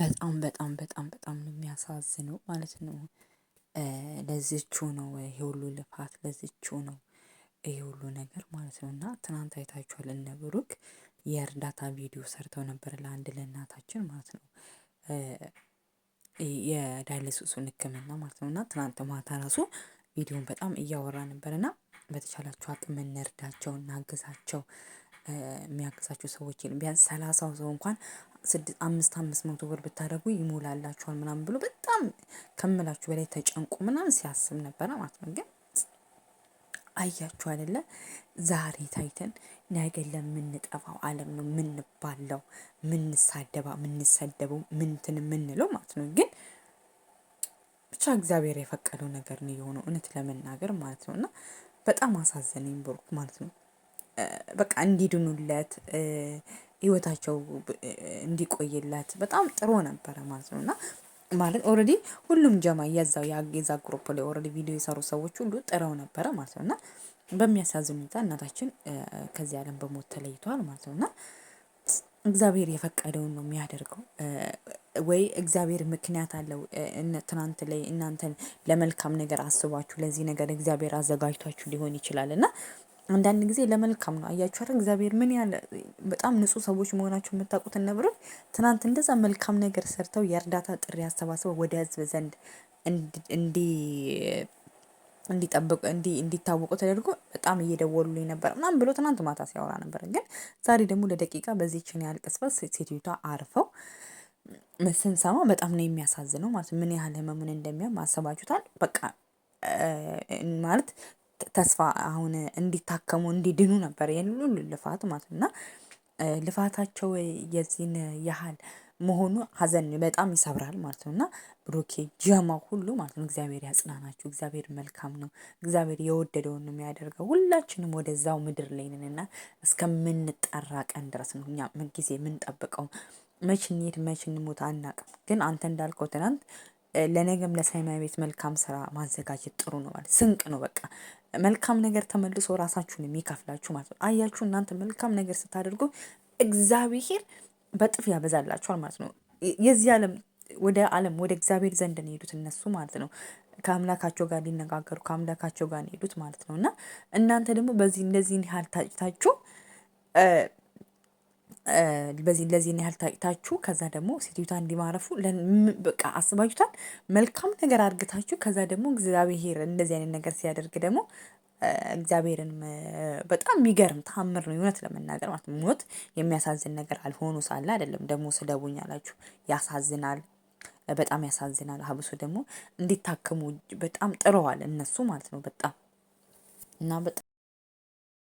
በጣም በጣም በጣም በጣም የሚያሳዝነው ማለት ነው። ለዚችው ነው ይሄ ሁሉ ልፋት ለዚችው ነው ይሄ ሁሉ ነገር ማለት ነው። እና ትናንት አይታችኋል እነ ብሩክ የእርዳታ ቪዲዮ ሰርተው ነበር ለአንድ ለእናታችን ማለት ነው። የዳይሊሲሱን ህክምና ማለት ነው። እና ትናንት ማታ ራሱ ቪዲዮን በጣም እያወራ ነበር እና በተቻላችሁ አቅም እንርዳቸው እናግዛቸው የሚያግዛችሁ ሰዎች የለም። ቢያንስ ሰላሳው ሰው እንኳን አምስት አምስት መቶ ብር ብታደርጉ ይሞላላችኋል ምናምን ብሎ በጣም ከምላችሁ በላይ ተጨንቁ ምናምን ሲያስብ ነበረ ማለት ነው። ግን አያችሁ አይደለ ዛሬ ታይተን ነገ ለምንጠፋው አለም ነው ምንባለው ምንሳደባ ምንሰደበው ምንትን የምንለው ማለት ነው። ግን ብቻ እግዚአብሔር የፈቀደው ነገር ነው የሆነው እውነት ለመናገር ማለት ነው። እና በጣም አሳዘነኝ ብሩክ ማለት ነው። በቃ እንዲድኑለት ህይወታቸው እንዲቆይለት በጣም ጥሩ ነበረ ማለት ነው እና ማለት ኦልሬዲ ሁሉም ጀማ የዛው የዛ ግሩፕ ላይ ኦልሬዲ ቪዲዮ የሰሩ ሰዎች ሁሉ ጥረው ነበረ ማለት ነው እና በሚያሳዝን ሁኔታ እናታችን ከዚህ ዓለም በሞት ተለይተዋል ማለት ነው እና እግዚአብሔር የፈቀደውን ነው የሚያደርገው። ወይ እግዚአብሔር ምክንያት አለው። ትናንት ላይ እናንተን ለመልካም ነገር አስባችሁ ለዚህ ነገር እግዚአብሔር አዘጋጅቷችሁ ሊሆን ይችላል እና አንዳንድ ጊዜ ለመልካም ነው። አያችሁ አይደል? እግዚአብሔር ምን ያለ በጣም ንጹህ ሰዎች መሆናቸው የምታውቁት እነ ትናንት እንደዛ መልካም ነገር ሰርተው የእርዳታ ጥሪ አሰባስበው ወደ ህዝብ ዘንድ እንዲ እንዲጠብቁ እንዲ እንዲታወቁ ተደርጎ በጣም እየደወሉልኝ ነበር ምናምን ብሎ ትናንት ማታ ሲያወራ ነበር። ግን ዛሬ ደግሞ ለደቂቃ በዚችን ያህል ቅጽበት ሴትዮቷ አርፈው ስንሰማ በጣም ነው የሚያሳዝነው። ማለት ምን ያህል ህመሙን እንደሚያም አሰባችሁታል። በቃ ማለት ተስፋ አሁን እንዲታከሙ እንዲድኑ ነበር ይህን ሁሉ ልፋት ማለት እና ልፋታቸው የዚህን ያህል መሆኑ ሀዘን በጣም ይሰብራል ማለት ነው እና ብሩኬ ጀማ ሁሉ ማለት ነው እግዚአብሔር ያጽናናችሁ። እግዚአብሔር መልካም ነው። እግዚአብሔር የወደደውን ነው የሚያደርገው። ሁላችንም ወደዛው ምድር ላይ ና እስከምንጠራ ቀን ድረስ ነው እኛ ጊዜ የምንጠብቀው። መች እንሂድ መች እንሞት አናቅም። ግን አንተ እንዳልከው ትናንት ለነገም ለሰማይ ቤት መልካም ስራ ማዘጋጀት ጥሩ ነው ማለት ስንቅ ነው። በቃ መልካም ነገር ተመልሶ ራሳችሁን የሚከፍላችሁ ማለት ነው። አያችሁ እናንተ መልካም ነገር ስታደርጉ እግዚአብሔር በጥፍ ያበዛላችኋል ማለት ነው። የዚህ ዓለም ወደ ዓለም ወደ እግዚአብሔር ዘንድ ነው የሄዱት እነሱ ማለት ነው። ከአምላካቸው ጋር ሊነጋገሩ ከአምላካቸው ጋር ነው የሄዱት ማለት ነው። እና እናንተ ደግሞ በዚህ እንደዚህ ያህል ታጭታችሁ በዚህ እንደዚህ ያህል ታይታችሁ ከዛ ደግሞ ሴትዮታ እንዲማረፉ በቃ አስባችሁታል። መልካም ነገር አድርግታችሁ ከዛ ደግሞ እግዚአብሔር እንደዚህ አይነት ነገር ሲያደርግ ደግሞ እግዚአብሔርን በጣም የሚገርም ታምር ነው። እውነት ለመናገር ማለት ሞት የሚያሳዝን ነገር አልሆኑ ሳለ አይደለም ደግሞ ስደቡኝ አላችሁ ያሳዝናል። በጣም ያሳዝናል። ሀብሶ ደግሞ እንዲታክሙ በጣም ጥረዋል እነሱ ማለት ነው በጣም እና በጣም